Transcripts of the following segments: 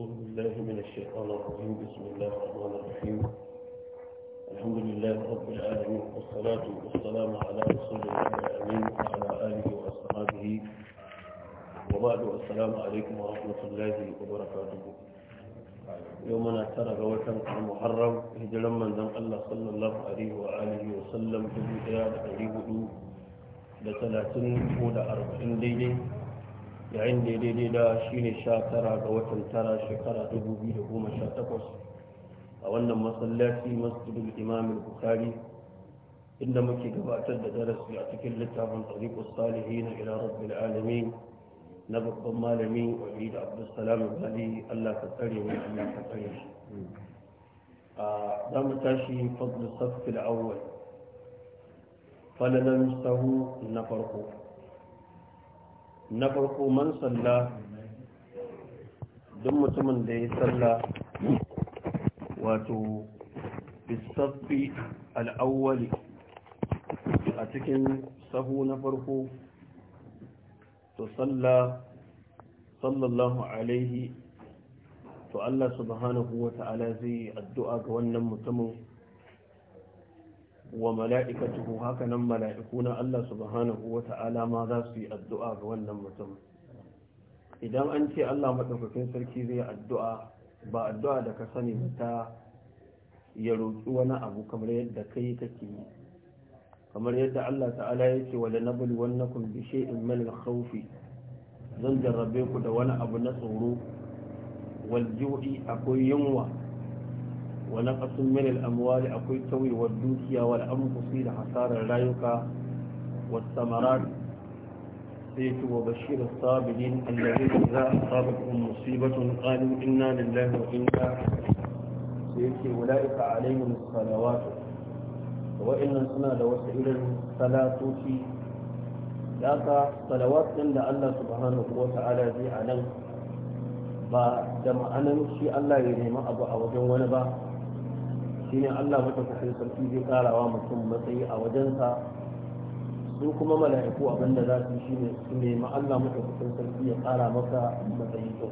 أعوذ بالله من الشيطان الرجيم بسم الله الرحمن الرحيم الحمد لله رب العالمين والصلاة والسلام على رسول الله الأمين وعلى آله وأصحابه وبعد السلام عليكم ورحمة الله وبركاته يومنا ترى وكان المحرم هجلا من ذنب الله صلى الله عليه وآله وسلم في الهجرة قريب da talatin ko da arba'in daidai yayin da daidai da shi ne sha tara ga watan tara shekara dubu biyu da goma sha takwas a wannan masallaci masjidul imam bukhari inda muke gabatar da darasi a cikin littafin tariqus salihi ila rabbil alamin na babban malami wani da abdulsalam bali allah ka tsare mu allah ka tsare shi a za mu tashi fadlu safil awwal falalan sahu na farko na farko man salla duk mutumin da ya salla wato bisaffi al'awwali a cikin sahu na farko to salla sallallahu alaihi to Allah subhanahu wa ta'ala zai addu'a ga wannan mutumin wa mala'ikatuhu haka nan mala'iku na Allah subhanahu wa ta'ala ma za su yi addu'a ga wannan mutum idan an ce Allah maɗaukakin sarki zai addu'a ba addu'a da ka sani ta ya roƙi wani abu kamar yadda kai kake yi kamar yadda Allah ta'ala ya ce wala wannan kun bi shay'in min mani khawfi zan jarrabe ku da wani abu na tsoro wal akwai yunwa wa naqasun min al akwai tawiyar dukiya wal anfusi da hasarar rayuka was samarat sai ce wa bashir as-sabirin alladhina idza asabatuhum musibatun qalu inna lillahi wa inna sai ce ulaika alaihim salawat wa inna suna da wasu irin salatoci ya aka salawat din da Allah subhanahu wa ta'ala zai a nan ba da ma'anan shi Allah ya nemi abu a wajen wani ba shin Allah madaukakin sarki zai karawa mutum matsayi a wajensa su kuma mala'iku abinda za su shine su nemi Allah madaukakin sarki ya kara maka matsayi to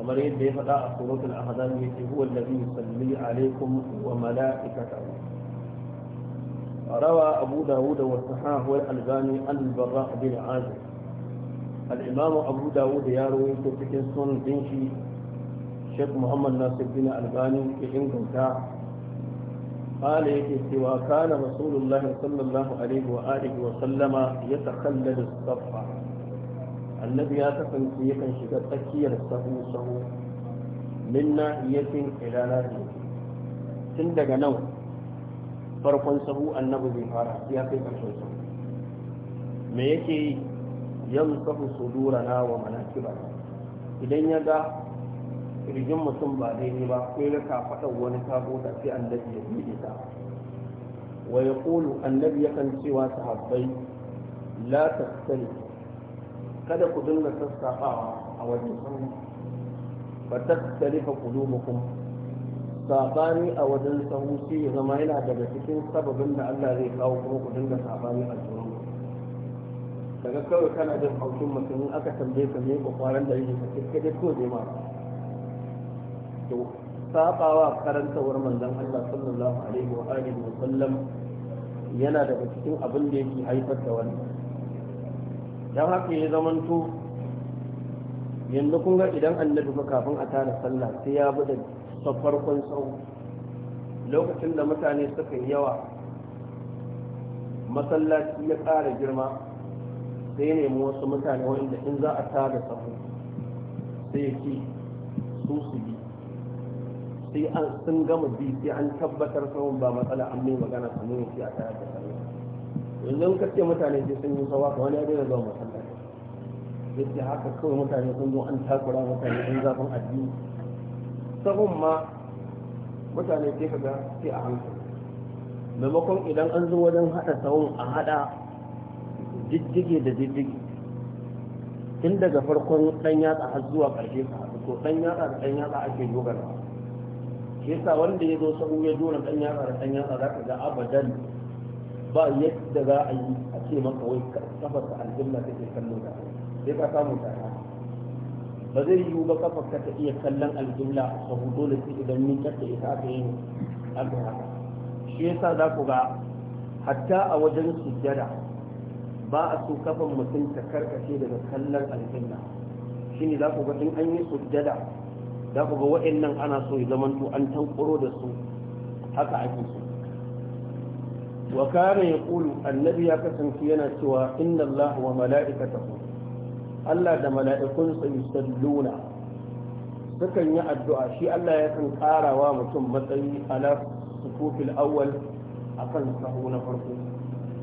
kamar yadda ya faɗa a suratul ahzab yace huwa allazi yusalli alaikum wa mala'ikatahu روى أبو داود والصحاح والألباني عن البراء بن عازب الإمام أبو داود يروي في سنن شيخ محمد ناصر بن الباني في إنجلترا قال يكي وكان رسول الله صلى الله عليه وآله وسلم يتخلل الصف النبي يتفن سيكا شكا تكير الصفو صهو من ناحية إلى ناحية تندق نو فرق صهو النبي بفارة سيكا شكا صهو ما يكي يمسح صدورنا ومناكبنا إذن يقع kirjin mutum ba daidai ba sai da faɗa wani tago da sai annabi ya buɗe ta wa ya ƙulu annabi yakan cewa sahabbai la tattali kada ku dinga sassafawa a wajen sauri ba tattali fa kulubukum sabani a wajen sahu sai ya zama yana daga cikin sababin da Allah zai kawo kuma ku dinga sabani a junan daga kawai kana jin haushin mutum aka tambaye ka me kwakwaran da yake ka kai dai ko dai ma to sabawa karantawar manzon Allah sallallahu alaihi wa alihi wa sallam yana daga cikin abin da yake haifar da wani. dan haka ya zamanto yanzu kun ga idan annabi fa kafin a tara sallah sai ya bi da farkon sau lokacin da mutane suka yi yawa masallaci ya ƙara girma sai nemi wasu mutane wanda in za a tada sahu sai ya ce su su bi sai an sun gama bi sai an tabbatar sauran ba matsala an mai magana su mun shi a tare da sallah yanzu ka ce mutane sai sun yi sawa ka wani ya daina zuwa masallaci yadda haka kawai mutane sun zo an takura mutane sun zafin addini sabon ma mutane sai ka ga sai a hankali maimakon idan an zo wajen haɗa sawun a haɗa jijjige da jijjige tun daga farkon ɗan yatsa har zuwa ƙarshe ka haɗu ko ɗan yatsa da ɗan yatsa ake dogara yasa wanda ya zo sabu ya jona dan yatsa da dan yatsa zaka ga abadan ba yadda za a yi a ce maka wai kafar ta aljanna take kallon ta sai ka samu ta ba zai yiwu ba kafar ka ta iya kallon aljumla sabu dole sai idan ni ta isa ka yi aka haka shi yasa za ku ga hatta a wajen sujjada ba a so kafan mutum ta karkace daga kallon aljanna shine za ku ga in an yi sujjada za ku ga waɗannan ana so ya zamanto an tankuro da su haka ake so wa kana yaqulu annabi ya kasance yana cewa inna allah wa mala'ikatahu Allah da mala'ikunsa yusalluna sukan yi addu'a shi Allah ya kan wa mutum matsayi ala sufufil awwal akan sahu na farko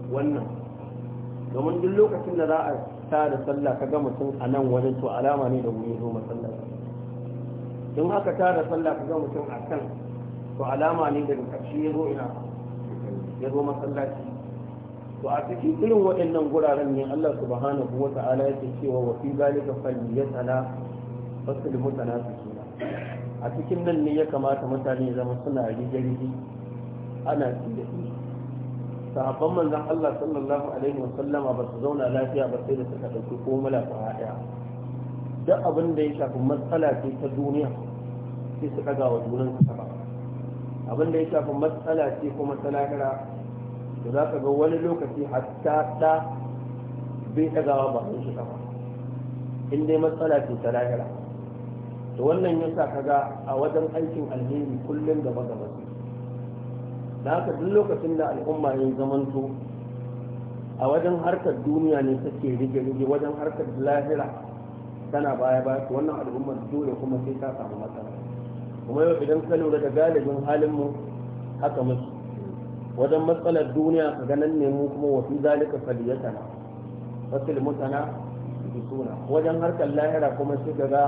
wannan domin duk lokacin da za a ta da sallah kaga mutum a nan wajen to alama ne da wuri zo masallah don haka tara sallah ka ga mutum a kan to alama ne daga ƙarshe ya zo ina ya zo masallaci to a cikin irin waɗannan guraren ne Allah subhanahu wa ta'ala yake cewa wa fi zalika falyatala fasul mutanafiqina a cikin nan ne ya kamata mutane zama suna rigirgi ana ci sahabban manzon Allah sallallahu alaihi wa sallama ba su zauna lafiya ba sai da suka ɗauki komula fa ɗaya da abin da ya shafi matsala ce ta duniya sai su ɗaga wa junan su saba abin da ya shafi matsala ce kuma ta lahira da za ka ga wani lokaci hatta ta bai wa ba shi saba in dai matsala ce ta lahira to wannan ya sa kaga a wajen aikin alheri kullum gaba gaba su da haka duk lokacin da al'umma ya zamanto a wajen harkar duniya ne take rige rige wajen harkar lahira tana baya baya to wannan al'ummar dole kuma sai ta samu matsala kuma yau idan ka lura da galibin halin mu haka musu wajen matsalar duniya ka ganin ne mu kuma wasu zalika faliyatana wasu mutana suna wajen harkar lahira kuma sai ka ga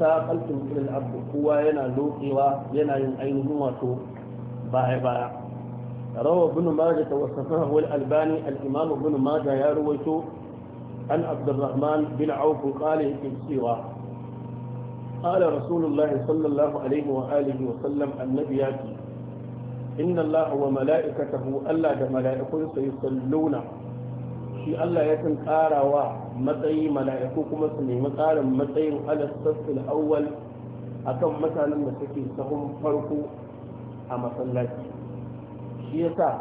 ta kalkin abu kowa yana lokewa yana yin ainihin wato baya baya rawa bin majah ta wasafahu al-albani al-imam bin ya ruwaito عن عبد الرحمن بن عوف قال يكتب سوى قال رسول الله صلى الله عليه وآله وسلم النبي ياتي إن الله وملائكته ألا دملائكه سيصلون شي ألا يكن قاروا متعي ملائككم سنيم قارا متعي على الصف الأول أكم مثلا مسكي سهم فرقوا أما صلاتي shi yasa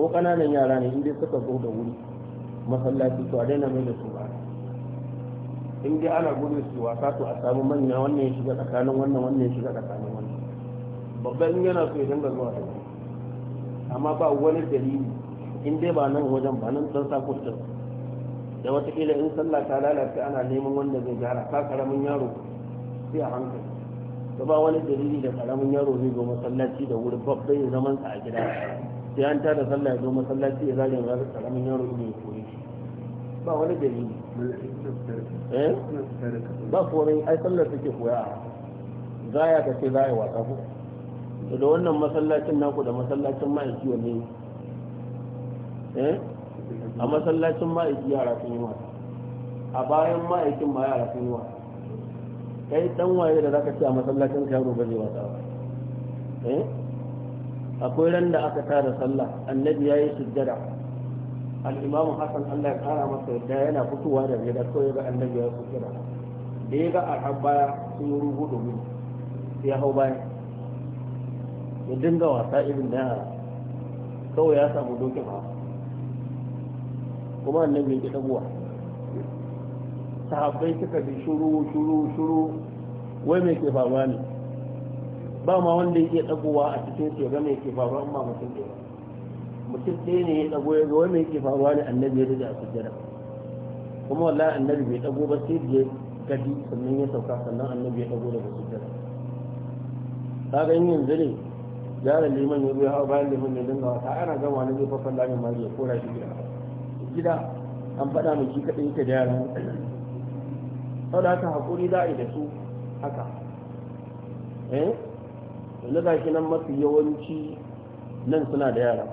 ko ƙananan yara ne inda suka zo da wuri masallaci to a daina mai da su ba in dai ana gudu su wasa to a samu manya wannan ya shiga tsakanin wannan wannan ya shiga tsakanin wannan babban yana so ya dinga zuwa da amma ba wani dalili in dai ba nan wajen ba nan san sako din da watakila in sallah ta lalace ana neman wanda zai gyara ka karamin yaro sai a hankali ba wani dalili da karamin yaro zai zo masallaci da wuri babban zaman sa a gida sai an tada sallah ya zo masallaci ya zalin rasu karamin yaro ne ya koyi shi ba wani dalili eh? ba komai ai sallar take koya a zaya ka ce za a wasa ko to da wannan masallacin naku da masallacin ma'aiki wanne eh? a masallacin ma'aiki yara sun yi wasa a bayan ma'aikin ma yara sun yi wasa kai dan waye da zaka ce a masallacin ka yaro ba zai wasa ba eh akwai ran da aka tara sallah annabi yayi sujjada al Hassan, hasan Allah ya kara masa yadda yana fitowa da gida ya ga annabi ya sujjada da ya ga arhabba sun rubu da ya hau baya ya dinga wasa irin da yara kawai ya samu dokin hawa kuma annabi ya ki buwa sahabbai suka bi shuru shuru shuru wai me ke faruwa ne ba ma wanda yake dagowa a cikin su ga mai ke faruwa amma mutum ɗaya mutum ɗaya ne ya dago ya ga wani yake faruwa ne annabi ya rage a sujjada kuma wallahi annabi bai dago ba sai da gadi sannan ya sauka sannan annabi ya dago daga sujjada kaga yin yanzu ne yaron liman ya zuwa ya bayan liman ya dinga wata ana gama ne zai fafan lamin ma zai kora shi gida gida an faɗa mu shi kaɗai ta da yaran saboda haka haƙuri za a yi da su haka eh yanzu ga shi nan mafi yawanci nan suna da yara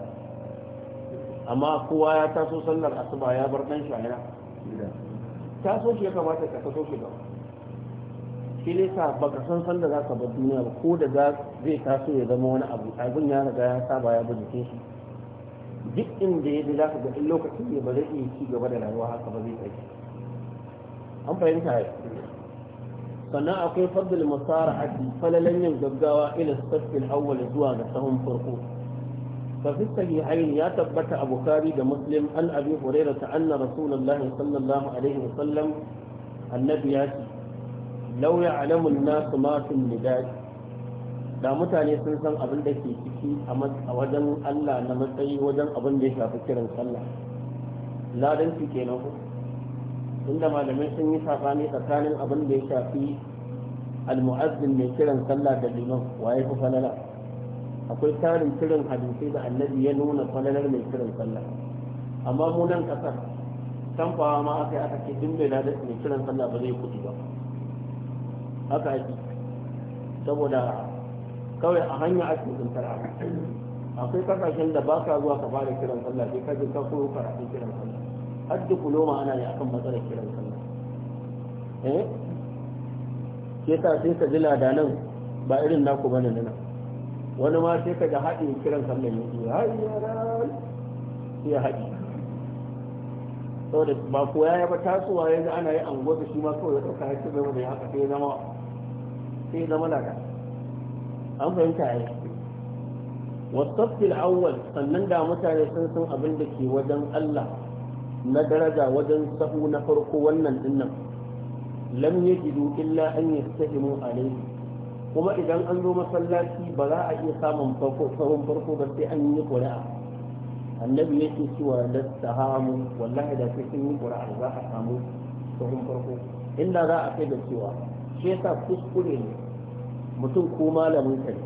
amma kowa ya taso sallar asuba ya bar dan shi a taso shi ya kamata ka taso shi gaba shi ne sa baka san sanda za ka bar duniya ba ko da zai taso ya zama wani abu abin ya riga ya saba ya bar jikin shi duk inda ya ji za ka ga in lokacin ne ba zai iya ci gaba da rayuwa haka ba zai tsaki an fahimta ya sannan akwai fadl musara'ati falalan yin gaggawa ila safil awwal zuwa ga sahun farko fa fi ya tabbata a bukhari da muslim an abi hurairah ta anna rasulullahi sallallahu alaihi wasallam annabi ya ce law ya'lamu an-nasu ma fil nidaj da mutane sun san abin da ke ciki a wajen Allah na matsayi wajen abin da ya shafi kiran sallah ladan kenan ko inda malamai sun yi safani tsakanin abin da ya shafi almu'azzin mai kiran sallah da liman waye ku falala akwai tarin kiran hadisi da annabi ya nuna falalar mai kiran sallah amma mu nan kasar tamfawa ma aka yi aka ce duk mai ladar mai kiran sallah ba zai kuɗi ba haka ake saboda kawai a hanya ake tsuntar abu akwai kasashen da ba ka zuwa ka fara kiran sallah sai ka je ka koyo karatun kiran sallah hadda kuloma ana ne akan matsalar kiran sallah eh ke sa sai ka ji nan ba irin naku bane nan wani ma sai ka ga haɗin kiran sallah ya yi hayyaran sai haɗi saboda ba koya ya ba tasowa yanzu ana yi anguwa shi ma kawai ya ɗauka ya ce bai mu da haka sai zama sai zama lada an fahimta ya yi Wasu wasaffil awwal sannan da mutane sun san abin da ke wajen Allah na daraja wajen sahu na farko wannan dinnan lam yajidu illa an yastahimu alayhi kuma idan an zo masallaci ba za a iya samun farko sahun farko ba sai an yi ƙuri'a annabi yake cewa lastahamu wallahi da sai sun yi ƙuri'a za a samu sahun farko inda za a kai da cewa shi yasa kuskure ne mutum ko malamin ka ne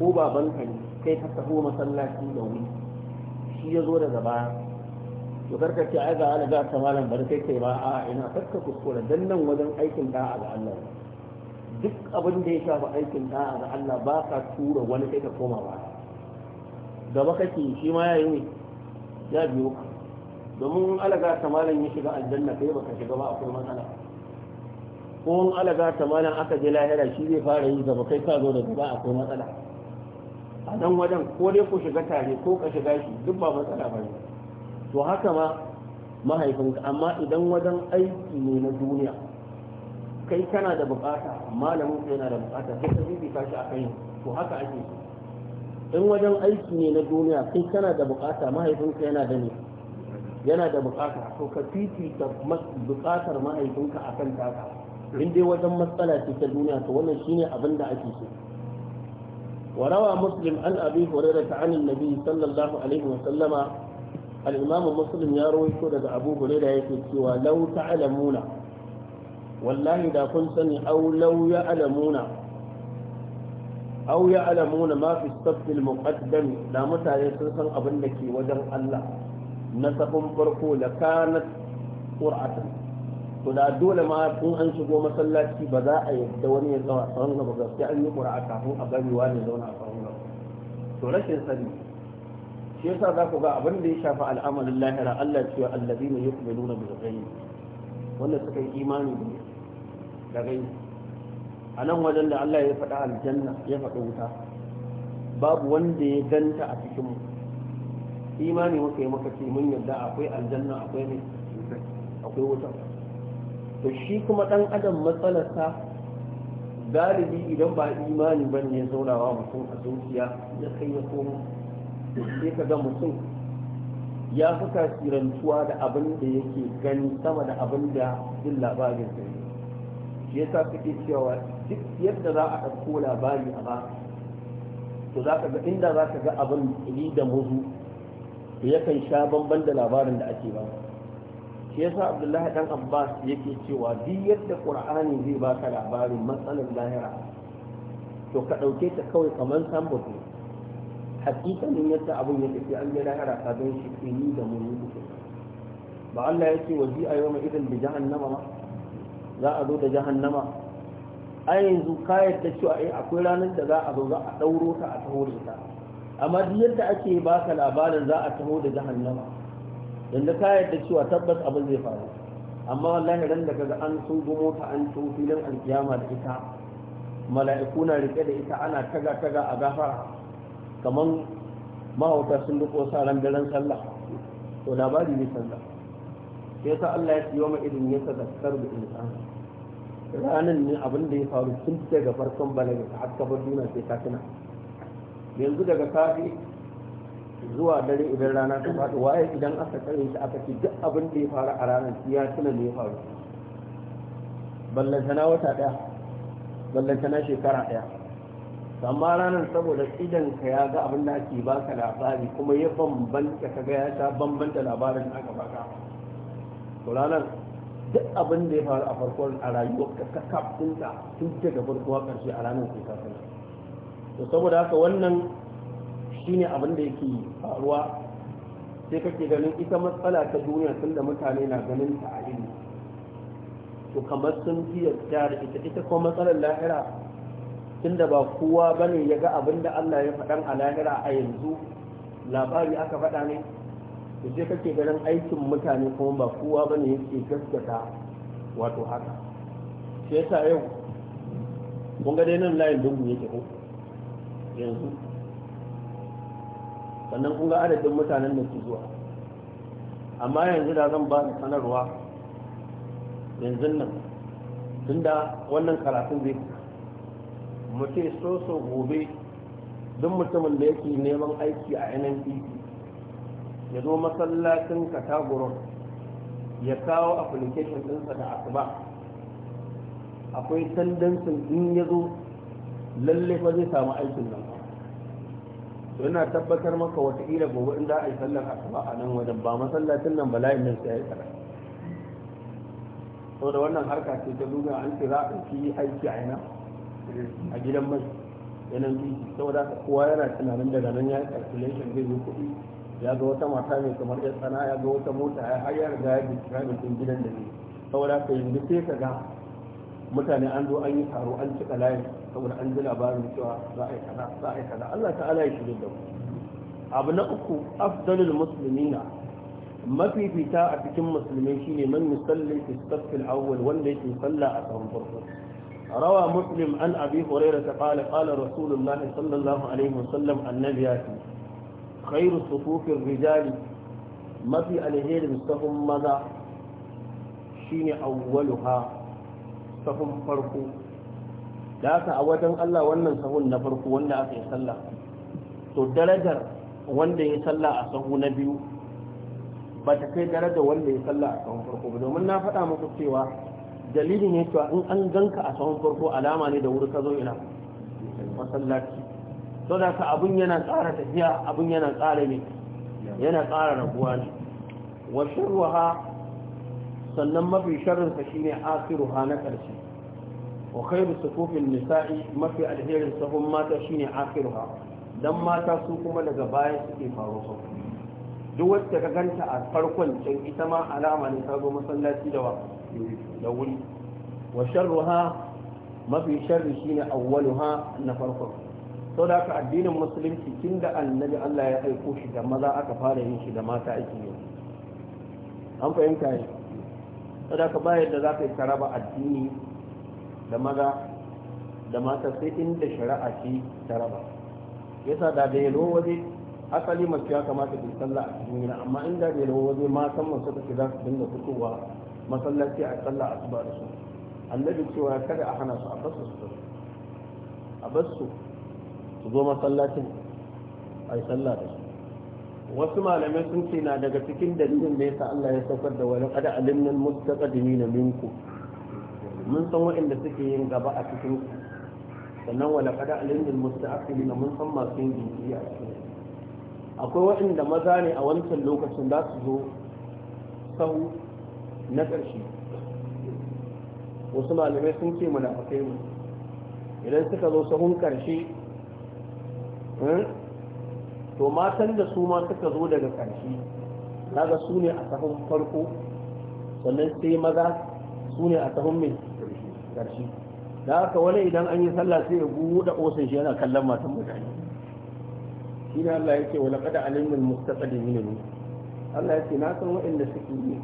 ko baban ka ne kai ka taho masallaci da wuri shi ya zo daga baya to karka ce ai ga ana ga ta malam bar kai kai ba a ina karka kuskure dan nan wajen aikin da'a ga Allah duk abin da ya shafi aikin da'a ga Allah ba ka tura wani kai ka koma ba gaba kake shi ma yayi ya biyo ka domin alaga ta malam ya shiga aljanna kai baka shiga ba akwai matsala ko in alaga ta malam aka je lahira shi zai fara yi gaba kai ka zo da gaba akwai matsala a nan wajen ko dai ku shiga tare ko ka shiga shi duk ba matsala ba ne to haka ma mahaifinka amma idan wajen aiki ne na duniya kai kana da bukata malamin ka yana da bukata sai ka bibita shi a kai to haka ake in wajen aiki ne na duniya kai kana da bukata mahaifinka yana da ne yana da bukata to ka fifita bukatar mahaifinka a kan taka in dai wajen matsala ce ta duniya to wannan shine abin da ake so وروى مسلم عن ابي هريره عن النبي صلى الله عليه وسلم al-imam muslim ya rawaito daga abu hurairah yake cewa law ta'lamuna wallahi da kun sani aw law ya'lamuna aw ya'lamuna ma fi as mutane sun san abin da ke wajen Allah na safin farko la kanat qur'atan to da dole ma in an shigo masallaci ba za a yadda wani ya zauna a tsaron gaba gaskiya an yi kafin a a gaba to rashin shi yasa za ku ga abin da ya shafi al'amarin lahira Allah cewa allazi ne ya kuma nuna bil ghaib wanda suka yi imani da ghaib a nan wajen da Allah ya faɗa aljanna ya faɗa wuta babu wanda ya ganta a cikinmu mu imani muka yi muka ce mun yarda akwai aljanna akwai ne akwai wuta to shi kuma dan adam matsalarsa galibi idan ba imani ne ya zaunawa mutum a zuciya ya kai ya komo sai ka ga mutum ya fi tasirantuwa da abin da yake gani sama da abin da jin labarin sa shi sa suke cewa duk yadda za a ɗauko labari a ba to za ka ga inda za ka ga abin ili da muzu yakan sha bamban da labarin da ake ba shi yasa abdullahi dan abbas yake cewa duk yadda qur'ani zai baka labarin matsalar lahira to ka ɗauke ta kawai kamar sambo hakikanin yadda abin ya tafi an yi lahara ka don shi kini da muni duka ba Allah ya ce a yau idan da jahannama ma za a zo da jahannama a yanzu ka yadda cewa ai eh, akwai ranar da za a zo za a dauro ta a taho da ita amma duk yadda ake ba ka labarin za a taho da jahannama yanda ka yadda cewa tabbas abin zai faru amma wallahi ran da kaga an tsugo mota an tso filin alkiyama da ita mala'iku na rike da ita ana taga taga a gafara Kaman mahauta sun duko sa ran daren sallah to labari ne sallah sai sa Allah ya ciyo ma idin ya tsakar da insani ranan ne abin da ya faru tun daga farkon balaga ta har ba duna sai ka tuna yanzu daga safi zuwa dare idan rana ta faɗi waye idan aka kare shi aka ci duk abin da ya faru a ranar ya tuna ne ya faru ballantana wata ɗaya ballantana shekara ɗaya amma ranar saboda idan ka ya ga abin da ake ka labari kuma ya bambanta ka ga ya bambanta labarin da aka baka to ranar duk abin da ya faru a farkon a rayuwar ka ka kafinta tun tun daga farko a ƙarshe a ranar ka kafin to saboda haka wannan shine abin da yake faruwa sai kake ganin ita matsala ta duniya tun da mutane na ganin ta a ilimi to kamar sun fiye da ita ita kuma matsalar lahira tunda ba kowa bane ya ga abin da Allah ya faɗan a lahira a yanzu labari aka faɗa ne da je kake ganin aikin mutane kuma ba kowa bane yake gaskata wato haka shi yasa yau kun ga dai nan layin dubu yake ko yanzu sannan kun ga adadin mutanen da ke zuwa amma yanzu da zan ba da sanarwa yanzu nan tunda wannan karatun zai mu so so gobe duk mutumin da yake neman aiki a nnpp ya zo masallacin katagoron ya kawo application ɗinsa da asuba akwai tendensin in ya zo lalle fa zai samu aikin nan to yana tabbatar maka wataƙila gobe in za a yi sallar asuba a nan wajen ba masallacin nan bala'in nan sai ya yi to da wannan harka ce ta duniya an ce za a ɗauki aiki a yana a gidan mai yanan biji saboda haka kowa yana tunanin daga nan ya yi calculation zai yi kuɗi ya ga wata mata mai kamar ya tsana ya ga wata mota ya har ya riga ya bincika gidan da ne saboda haka yanzu sai ka ga mutane an zo an yi taro an cika layin saboda an ji labarin cewa za a yi kaza za a yi kaza Allah ta'ala ya shirya da mu abu na uku afdalul muslimina mafifita a cikin musulmai shine man musalli fi safil awwal wanda yake salla a tsawon farko روى مسلم عن أبي هريرة قال قال رسول الله صلى الله عليه وسلم النبي خير صفوف الرجال ما في الهير مستهم ماذا شين أولها سهم فرقو da aka a wajen Allah wannan sahun na farko wanda aka yi sallah to darajar wanda ya sallah a sahu na biyu ba ta kai darajar wanda ya sallah a sahun farko ba domin na faɗa muku cewa dalilin ne cewa in an ganka a tsawon farko alama ne da wuri ka zo ina masallaci to da ka abun yana tsara tafiya abun yana tsara ne yana tsara rabuwa ne wa sharruha sannan mafi sharrin ka shine akhiruha na karshe wa khairu sufufin nisa'i mafi alherin sahun mata shine akhiruha dan mata su kuma daga baya suke faro sau duk wacce ka ganta a farkon can ita ma alama ne ta zo masallaci da wa da wuri wa sharruha mafi sharri shine awwaluha na farko to da ka addinin musulunci tunda annabi Allah ya aiko shi da maza aka fara yin shi da mata aiki ne. an fahimta ne to da ka bayar da zaka yi karaba addini da maza da mata sai inda shari'a ce ta raba yasa da da yalo waje asali masu ya kamata su sallah a cikin gida amma inda da yalo waje matan masu suka ce za su dinga fitowa masallaci a sallah asuba da su annabi cewa kada a hana su a basu su a basu su zo masallacin a yi sallah da su wasu malamai sun ce na daga cikin dalilin da yasa Allah ya saukar da wani kada alimnan na minku mun san waɗanda suke yin gaba a cikin ku sannan wala kada alimnan mustaqadimina mun san masu yin jinkiri a cikin akwai waɗanda maza ne a wancan lokacin za su zo sahu na ƙarshe wasu malamai sun ce munafukai mu idan suka zo sahun ƙarshe eh, to matan da su ma suka zo daga ƙarshe kaga su ne a sahun farko sannan sai maza su ne a sahun mai ƙarshe da haka wani idan an yi sallah sai ya buɗe osin shi yana kallon matan mutane shi ne Allah ya ce wa laƙada alimin mustaƙadin yinin Allah ya ce na san waɗanda suke yi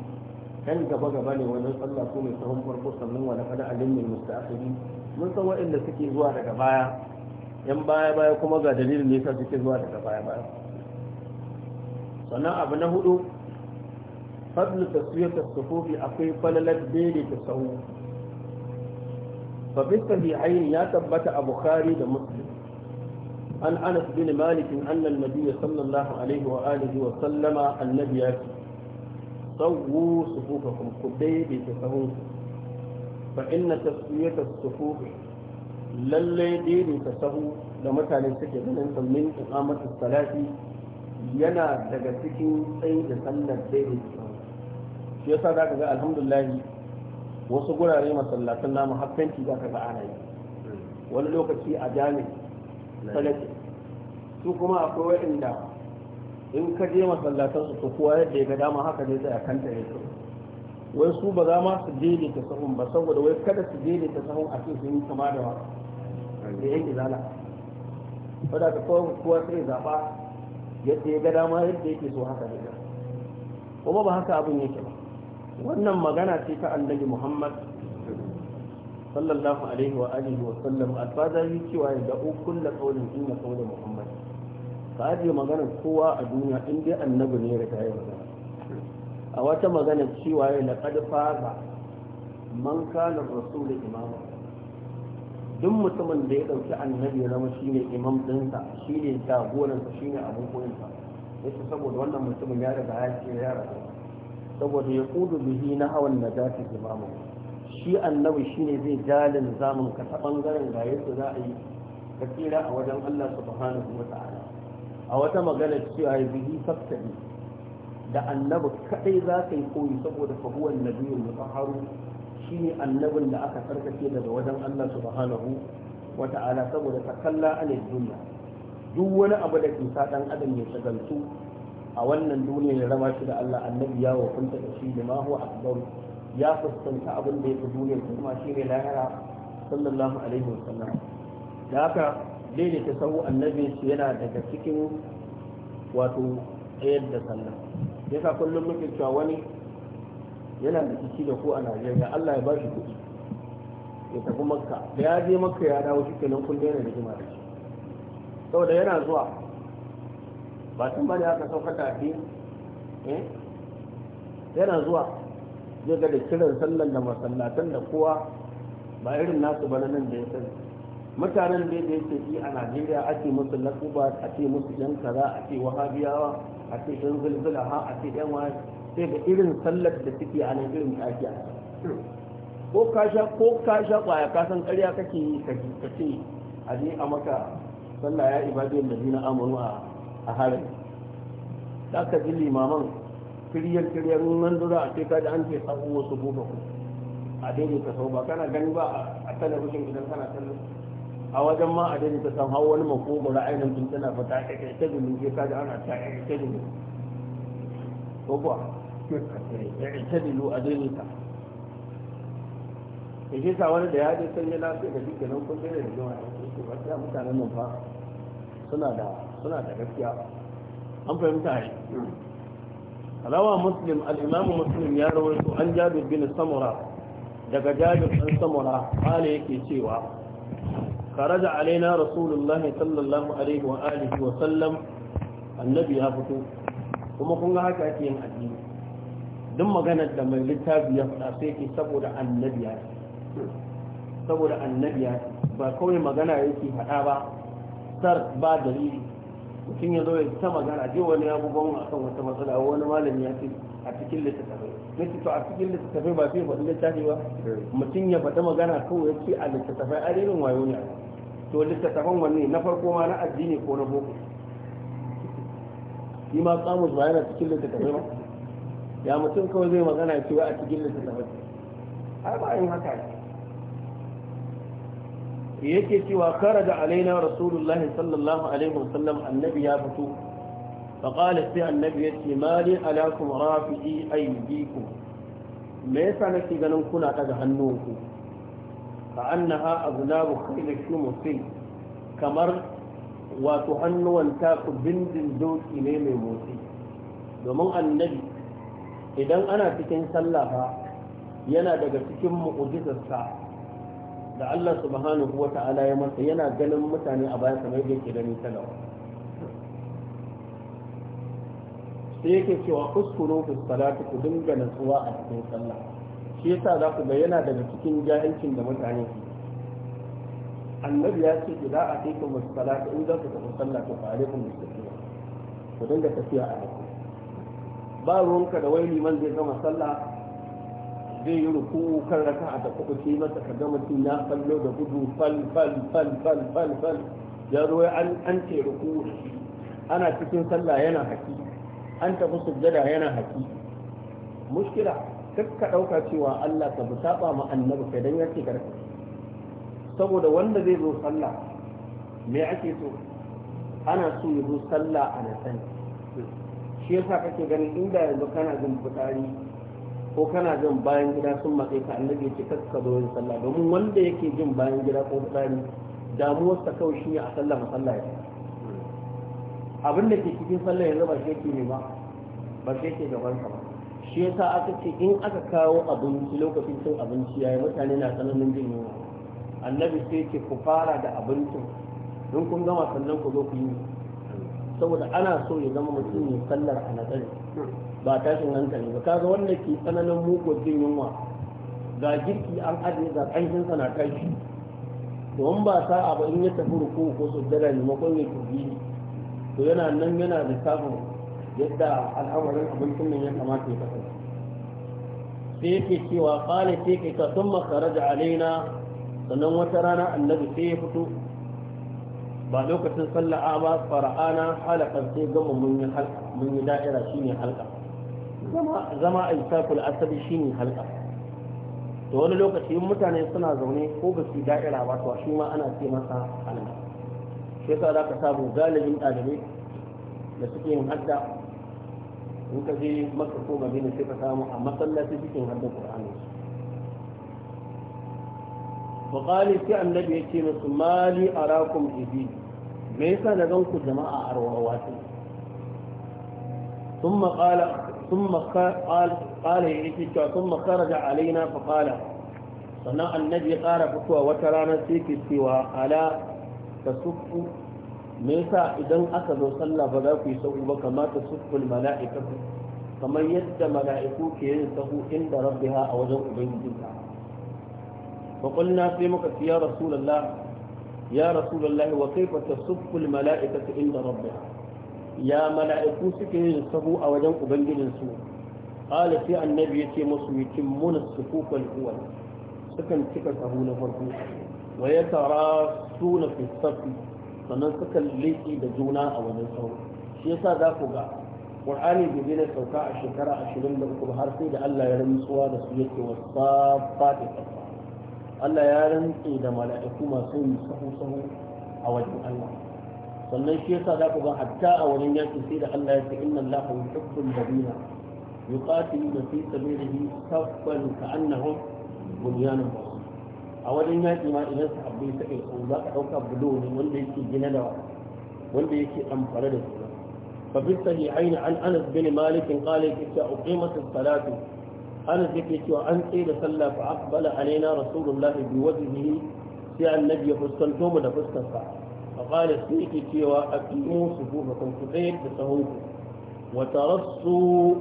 yan gaba gaba ne wajen sallah su ne sahun farko sannan wa laqad alimul musta'akhirin mun san waɗanda suke zuwa daga baya yan baya baya kuma ga dalilin da yasa suke zuwa daga baya baya sannan abu na hudu fadlu taswiyat as-sufufi akwai falalat bayli tasawu fa bi sahihayn ya tabbata a bukhari da muslim an anas bin malik anna an-nabiy sallallahu alaihi wa alihi wa sallama annabi yaqul سووا صفوفكم كدي بتسهون فإن تسوية الصفوف daidaita دي da mutane suke ganin من من إقامة الصلاة yana daga cikin tsayi da sallar daidai shi yasa za ka ga alhamdulillah wasu gurare masallatan namu hakkanci za ka ga ana yi wani lokaci a jami'a salati su kuma akwai waɗanda in ka je masallatan su kuwa yadda ya ga dama haka ne zai kanta ya su wai su ba za ma su je ta sahun ba saboda wai kada su je ta sahun a cikin sun yi kama da da yan izala saboda ka kawo kowa sai zaɓa yadda ya ga dama yadda yake so haka ne kuma ba haka abin yake ba wannan magana ce ta annabi muhammad sallallahu alaihi wa alihi wa sallam alfaza yi cewa ya da'u kulla kaulin inna kaulin muhammad ka ajiye maganar kowa a duniya in dai annabi ne ya yi magana a wata magana cewa ya laqad faza man rasu da imama duk mutumin da ya ɗauki annabi ya zama shine imam dinsa shine jagoransa shine abokinsa yace saboda wannan mutumin ya riga ya ce ya rasu saboda ya ƙudu bihi na hawan najati imamu shi annabi shine zai jalin zamun ka ta bangaren ga yadda za a yi ka a wajen Allah subhanahu wa ta'ala a wata magana cewa ya bihi da annabi kaɗai za ka yi koyi saboda fahuwan nabiyyu shi ne annabin da aka sarkace daga wajen Allah subhanahu wata'ala saboda takalla anil duniya. duk wani abu da ke sa dan adam ya shagaltu a wannan duniya ya raba shi da Allah annabi ya wakunta da shi lima huwa akbar ya fuskanta abin da ya fi duniya kuma shine lahira sallallahu alaihi wasallam da haka ta sahu annabi su yana daga cikin wato tsayar da sallah yasa kullum muke cewa wani yana da ciki da ko a Najeriya Allah ya ba shi kuɗi ya tafi makka da ya je makka ya dawo shi kenan kun daina jima da shi saboda yana zuwa ba tun bane aka sauka da addini eh yana zuwa zai ga da kiran sallan da masallatan da kowa ba irin nasu ba nan da ya sani mutanen da da yake yi a najeriya ake musu lakuba a ce musu yan kaza a ce wahabiyawa a ce yan zulzula ha a ce yan wani sai da irin sallar da suke a nan irin taki ko ka sha ko ka sha kwaya ka san ƙarya kake yi ka ce a je a maka sallah ya ibadu da zina amuru a harin da ka ji limaman kiriyar kiriyar nan dura a ka da an ce sabuwa su buga ku a daidai ka sau ba kana gani ba a talabijin idan kana kallon a wajen ma a dani ta san hau wani makogoro ra'ayin tun tana fata ta kai ta gumi sai da ana ta kai ta gumi ko kuwa ta dilu a dani ta ke ce sa wani da ya je sanya na sai da shi nan kun gane da rigima ya ce ba ta mutane nan fa suna da suna da gaskiya an fahimta ne alawa muslim al-imamu muslim ya rawaito an jabir bin samura daga jabir bin samura kale yake cewa خرج علينا sallallahu الله صلى الله wa sallam annabi ya fito kuma kun ga haka yake yin addini duk maganar da mai littafi ya faɗa sai ke saboda annabiya saboda annabiya ba kawai magana yake faɗa ba sar ba dalili mutum ya zo ya ta magana je wani abubuwan a kan wata matsala wani malami ya ce a cikin littattafai na to a cikin littattafai ba sai faɗi littafi ba mutum ya faɗa magana kawai ya ce a littattafai a irin wayo ne a to littattafan wanne na farko ma na addini ko na boko shi ma kamus ba yana cikin littattafai ba ya mutum kawai zai magana cewa a cikin littattafai ai ba yin haka ne yake cewa da alaina rasulullah sallallahu alaihi wasallam annabi ya fito فقال سي النبي يتي مالي ألاكم رافعي أيديكم me yasa nake ganin kuna daga hannunku ka annaha aznabu khayl shumusi kamar wato hannuwan taku bindin doki ne mai motsi domin annabi idan ana cikin sallah fa yana daga cikin mu'jizarsa da Allah subhanahu wa ta'ala ya masa yana ganin mutane a baya bayan kamar yake ganin talawa sai yake cewa kuskuru fi salati ku dinga natsuwa a cikin sallah shi yasa za ku ga yana daga cikin jahilcin da mutane annabi ya ce za a idza atikum musallata in za ku tafi sallah to fa alaikum bisalaam ku dinga tafiya a haka ba ruwanka da wai liman zai gama sallah zai yi ruku kan raka a tafi ku sai masa ka gama mutum ya fallo da gudu fal fal fal fal fal fal ya zo an an ce ruku ana cikin sallah yana haki an tafi sujjada yana haki mushkila kakka ɗauka cewa Allah ka bi saba ma annabi kai dan yake karka saboda wanda zai zo sallah me ake so ana so ya zo sallah a nan shi yasa kake ganin inda yanzu kana jin fitsari ko kana jin bayan gida sun matsayi ka annabi yake kaska zo yin sallah domin wanda yake jin bayan gida ko damuwar damuwarsa kawai shi ne a sallah sallah yake abin da ke cikin sallah yanzu ba shi yake ne ba ba shi yake gaban ka ba shi yasa aka ce in aka kawo abinci lokacin cin abinci yayi mutane na tsananin jin yunwa annabi sai ce ku fara da abincin in kun gama sannan ku zo ku yi saboda ana so ya zama mutum mai sallar a nazari ba tashin hankali ba kaga wanda ke tsananin mugun jin yunwa ga girki an ajiye ga ƙanshin sana kashi don ba sa'a ba in ya tafi ruku ko sujjada ne makon ya turbi to yana nan yana da lissafin yadda al'amarin abincin nan ya kamata ya kasance sai yake cewa kale sai kai ka sun makaraja alaina sannan wata rana annabi sai ya fito ba lokacin salla'a ba fara'ana halakan sai gama mun yi da'ira ne halka zama a isakul shi ne halka da wani lokaci mutane suna zaune ko ba su da'ira ba to shi ma ana ce masa halka shi yasa za ka samu galibin ɗalibai da suke yin hadda in ka je maka ko madina sai ka samu a masallaci cikin hannun qur'ani wa qali sai annabi yace musu mali arakum ibi me yasa na gan ku jama'a arwawati thumma qala thumma qala qala yace cewa thumma kharaja alaina fa qala sannan annabi ya ƙara fitowa wata rana sai ke cewa ala tasuffu me yasa idan aka zo sallah ba za ku yi sahu ba kamata suful mala'ikatu kamar yadda mala'iku ke yin sahu inda rabbiha a wajen ubangijinta fa qulna sai muka ce ya rasulullah ya rasulullah wa kaifa tasuful mala'ikatu inda rabbiha ya mala'iku suke yin sahu a wajen ubangijinsu qala sai annabi yace musu yutimmun as-sufufal awwal sukan cika sahu na farko wa yatarasuna fi safi sannan suka leƙi da juna a wannan sauro shi yasa za ku ga qur'ani bai na sauka a shekara ashirin da uku har sai da allah ya rantsuwa da su yake wasafa da allah ya rantse da mala'iku masu yin sahu sahu a wajen allah sannan shi yasa za ku ga hatta a wajen yaki sai da allah ya ce inna allaha yuhibbul ladina yuqatiluna fi sabilihi saffan ka'annahum bunyanun a wajen yaƙi ma idan su abu ta kai za ka ɗauka bulo ne wanda yake gina da wanda yake amfana da su fa fi sahihaini an anas bin malik qala yake a uqimat as-salatu anas yake cewa an tsaye da sallah fa aqbala alaina rasulullahi bi wajhihi sai annabi ya fuskanto mu da fuskarsa fa qala sai yake cewa aqimu sufufakum ku tsaye da sahunku wa tarassu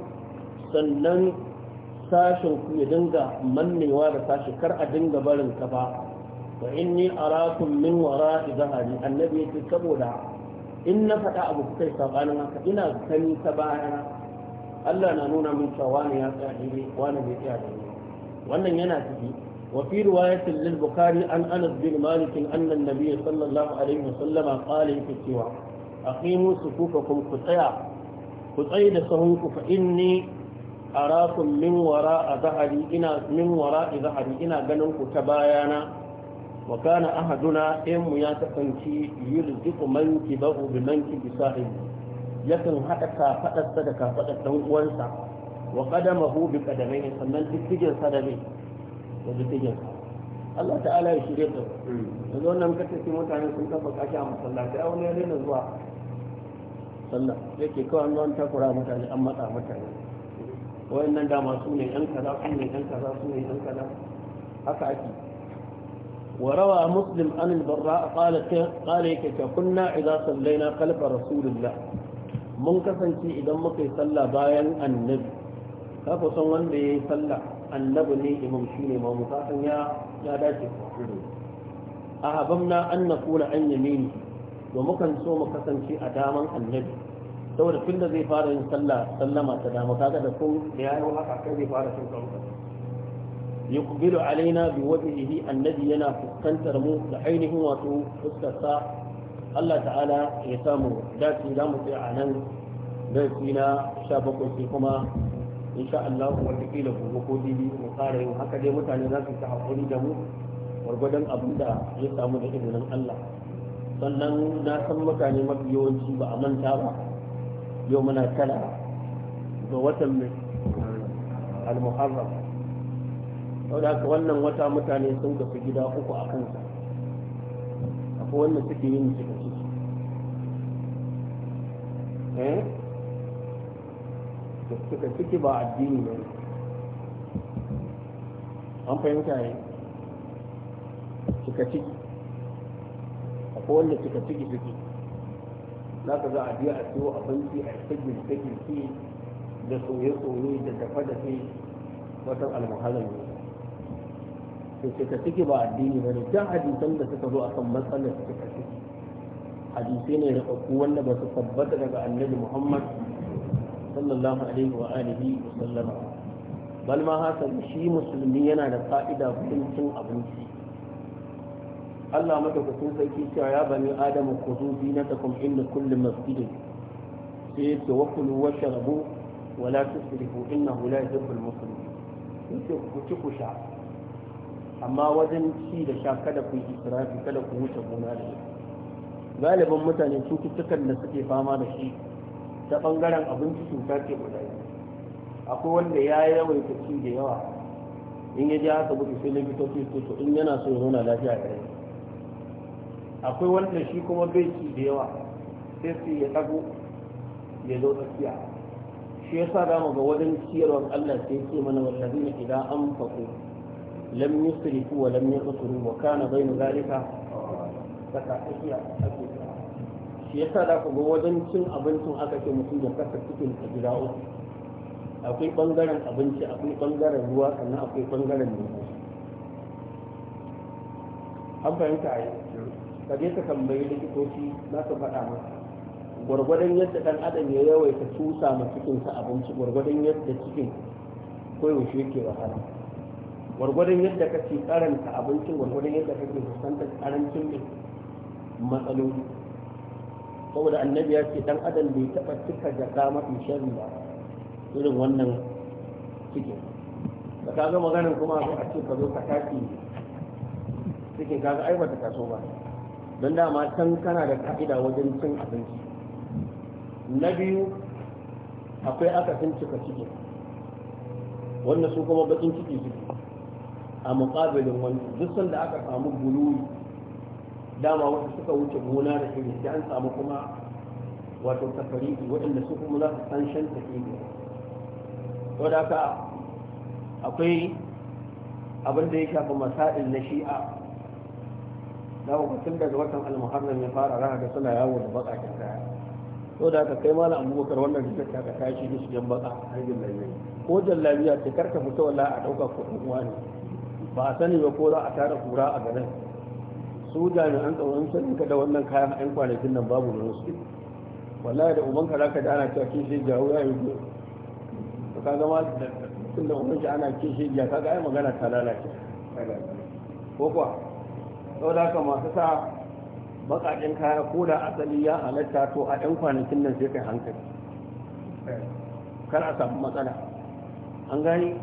sannan sashen ku ya dinga mannewa da sashi kar a dinga barin ka ba wa inni arakum min wara'i zahari annabi yace saboda in na faɗa abu kai sabanin haka ina gani ta bayana Allah na nuna min cewa wani ya tsaya daidai wani bai tsaya daidai wannan yana tafi. wa fi riwayatin lil bukhari an anas bin malik anna annabi sallallahu alaihi wasallama qala yake cewa aqimu sufufakum ku tsaya ku tsaye da sahunku fa inni arakum min wara a zahari ina min wara a zahari ina ganin ku ta bayana wa kana ahaduna ɗayan mu ya kasance man manki bahu bi manki bi sahibi yakan haɗa kafaɗarsa da kafaɗar ɗan uwansa wa qadamahu bi qadamaihi sannan diddigin sa da ne Allah ta'ala ya shirye da yanzu wannan kace shi mutane sun kafa kashi a masallaci a wani na zuwa sallah yake kawai an ta kura mutane an matsa mutane wayannan dama su ne yan kaza su ne yan kaza su ne yan kaza haka ake وروى مسلم عن البراء قال قال كنا اذا صلينا خلف رسول الله mun kasance idan muka yi sallah bayan annabi kafa son wanda ya yi sallah annabi ne imam shi ne mamu ka san ya ya dace a habamna an na kula an yamini to mukan so mu kasance a daman annabi saboda tun da zai fara yin sallah sallama ta dama kaga da kun da haka kai zai fara cin karuka yuqbilu alaina bi wajhihi annabi yana fuskantar mu da ainihin wato fuskar sa Allah ta'ala ya samu dace da mu tsaya a nan darasi na 17 sai kuma insha Allah wanda kila gobe ko dibi mu fara yin haka dai mutane za su ta hakuri da mu wargwadon abin da ya samu da izinin Allah sannan na san mutane mafi yawanci ba a manta ba yau muna tara ga watan mai al-muharram sau da haka wannan wata mutane sun gafi gida uku a kansa akwai wanda suke yin cika ciki eh suka ciki ba addini ne an fahimta ne cika ciki akwai wanda cika ciki suke za ka za a biya a siyo abinci a ta girke-girke da soye-soye da dafe-dafe watan almuhalar ne to ce ciki ba addini ba ne jan hadisan da suka zo a kan matsalar suka ciki hadisai ne rikakku wanda ba su tabbata daga annabi muhammad sallallahu alaihi wa alihi wa sallama bal ma haka shi musulmi yana da fa'ida kuɗin cin abinci Allah madaukakin sarki cewa ya bani adamu kudu zinatakum inda kulli masjidin sai ya ce wa kulu wa sharabu wa la tusrifu innahu la yuhibbul muslimin ce ku ci ku sha amma wajen ci da sha kada ku yi israfi kada ku wuce gona da shi galibin mutane cututtukan da suke fama da shi ta bangaren abinci cuta ce guda akwai wanda ya yawaita ci da yawa in ya je haka buɗe sai likitoci su to in yana so ya zauna lafiya da rai akwai wanda shi kuma bai ci da yawa sai su ya tago ya zo tsakiya shi ya sa mu ga wajen ciyarwar Allah sai ce mana wallazina idan an faɗo lam sirifu wa lam yaqsuru wa kana bai bayna zalika saka tsakiya ake shi ya sa ku ga wajen cin abincin aka ce mutum da kasa cikin gida uku akwai bangaren abinci akwai bangaren ruwa sannan akwai bangaren nemo an fahimta a yi ka je ka tambayi likitoci za ka faɗa maka gwargwadon yadda ɗan adam ya yawaita tusa ma cikinsa abinci gwargwadon yadda cikin koyaushe yake wahala gwargwadon yadda ci karanta abincin gwargwadon yadda kake fuskantar karancin ɗin matsaloli saboda annabi ya ce ɗan adam bai taɓa cika jaka mafi sharri ba irin wannan cikin da ka ga maganin kuma a ce ka zo ka tashi cikin ka ai aibata ka so ba don dama can kana da ka'ida wajen cin abinci na biyu akwai akasin cika ciki wanda su kuma bakin ciki suke a muƙabilin wani duk sanda aka samu guluwi dama wasu suka wuce gona da iri sai an samu kuma wato tafariki waɗanda su kuma za su san shan tafi tafiye wadda akwai abin da ya shafi masa'il na shi'a dawo mutum daga watan almuharram ya fara raha da suna yawo da ta kaya to da aka kai mana abubakar wannan da ta ka tashi da shigen baka ko jallabiya ce karka fita wallahi a dauka kuɗin uwa ne ba a sani ba ko za a tara kura a garin su jami'an tsaron sun ka da wannan kayan ayan kwanakin nan babu da su wallahi da ubanka zaka ji ana cewa kishi jawo ya yi to ka zama tun da ubanki ana kishi ja kaga ai magana ta lalace ko kuwa saboda ka masu sa bakakin kaya ko da asali ya halatta to a ɗan kwanakin nan sai kai hankali kar a samu matsala an gani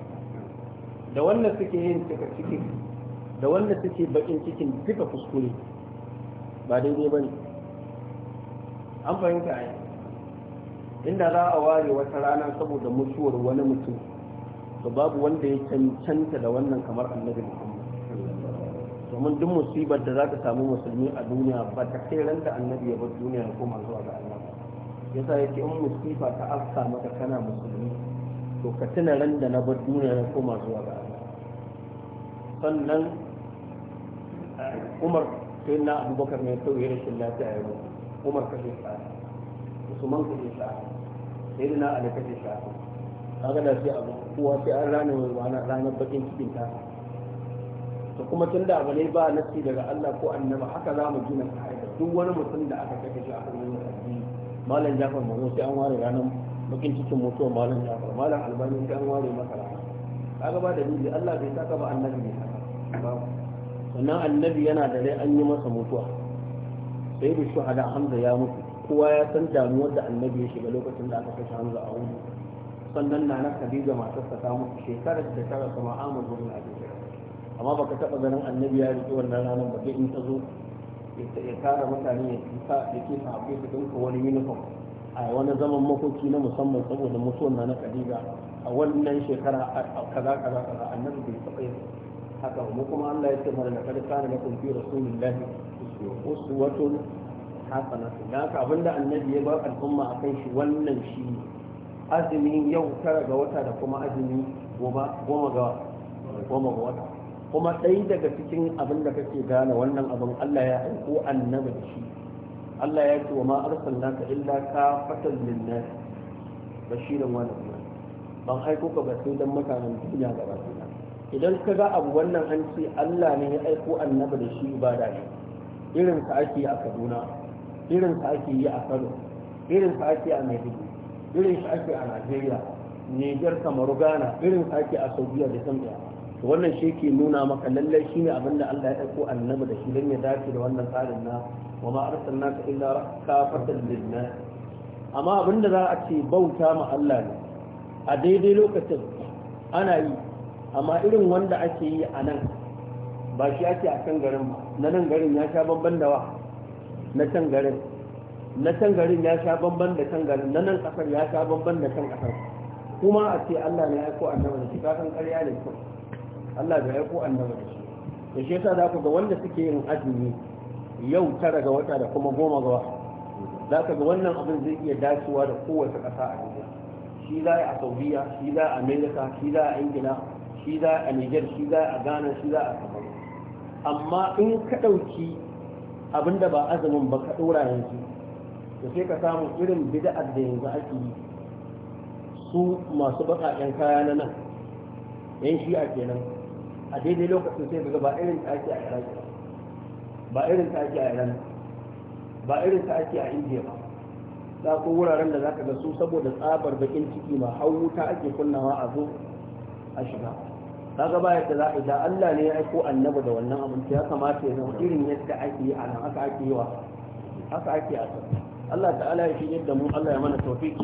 da wanda suke yin cika ciki da wanda suke bakin cikin duka kuskure ba daidai ba ne an fahimta a inda za a ware wata rana saboda mutuwar wani mutum to babu wanda ya cancanta da wannan kamar annabi muhammad domin duk musibar da za ka samu musulmi a duniya ba ta kai ran da annabi ya bar duniya ya koma zuwa ga Allah sa yake in musifa ta afka maka kana musulmi to ka tuna ran da na bar duniya ko koma zuwa ga Allah sannan eh, Umar sai na Abubakar ne kawai rashin lafiya ya mutu Umar kashe sa Usman kashe sa sai na Ali shi sa kaga da sai abu kowa sai an rana ranar bakin cikin ta to kuma tun da abu ne ba nasi daga Allah ko annaba haka za mu gina ka'ida duk wani mutum da aka kashe shi a hannun addini malam Jafar Mago sai an ware ranar bakin cikin mutuwar malam Jafar malam Albani sai an ware masa rana kaga ba da bibi Allah bai saka ba annabi ne haka sannan annabi yana da rai an yi masa mutuwa sai da shuhada Hamza ya mutu kowa ya san damuwar da annabi ya shiga lokacin da aka kashe Hamza a wuri sannan na na Khadija matarsa ta mutu shekarar da ta rasa Muhammad bin Abi amma baka taba ganin annabi ya riƙe wannan ranar ba sai in ta zo ya tara mutane ya kisa da ke sahabbai su dinka wani uniform a wani zaman makoki na musamman saboda mutuwan na na kadiga a wannan shekara a kaza kaza kaza annabi bai taɓa yin haka mu kuma Allah ya ce mana laqad kana lakum fi rasulillahi uswatun hasanatun da haka abinda annabi ya ba al'umma a kan shi wannan shi azumin yau tara ga wata da kuma azumi goma ga wata kuma ɗaya daga cikin abin da kake gane wannan abin Allah ya aiko annabi da shi Allah ya ce wa ma arsalnaka illa ka fatal lin-nas bashiran wa nadhira ban aiko ka ba sai dan mutanen duniya gaba ɗaya idan ka ga abu wannan an ce Allah ne ya aiko annabi da shi ba da shi irin sa ake a Kaduna irin sa ake yi a Kano irin sa ake a Maiduguri irin sa ake a Najeriya Niger Kamaru Ghana irin sa ake a Saudiya da Zambia wannan shi ke nuna maka lallai shi ne abinda Allah ya aiko annabi da shi don ya dace da wannan tsarin na wa ma arsalnaka illa kafatan lin-nas amma abinda za a ce bauta ma Allah ne a daidai lokacin ana yi amma irin wanda ake yi a nan ba shi ake a can garin ba na nan garin ya sha bamban da na can garin na can garin ya sha bamban da can garin na nan kasar ya sha bamban da can kasar kuma a ce Allah ne ya ko annabi da shi kasan ƙarya ne kuma Allah bai aiko annabi da shi da shi yasa za ku ga wanda suke yin azumi yau tara ga wata da kuma goma ga wata za ka ga wannan abin zai iya dacewa da kowace ƙasa a duniya shi za a saudiya shi za a amerika shi za a ingila shi za a niger shi za a ghana shi za a kamar amma in ka ɗauki abin da ba azumin ba ka ɗora yanzu to sai ka samu irin bida'ar da yanzu ake yi su masu baƙaƙen kaya na nan yan shi'a kenan a daidai lokacin sai daga ba irin ta ake a iran ba irin ta ake a iran ba irin ta ake a indiya ba za ko wuraren da zaka ga su saboda tsabar bakin ciki ma har wuta ake kunnawa a zo a shiga kaga ba yadda za a da Allah ne ya aiko annabi da wannan abin ya kamata ya zama irin yadda ake yi a nan aka ake yi wa haka ake a Allah ta'ala ya shi yadda mu Allah ya mana tawfiki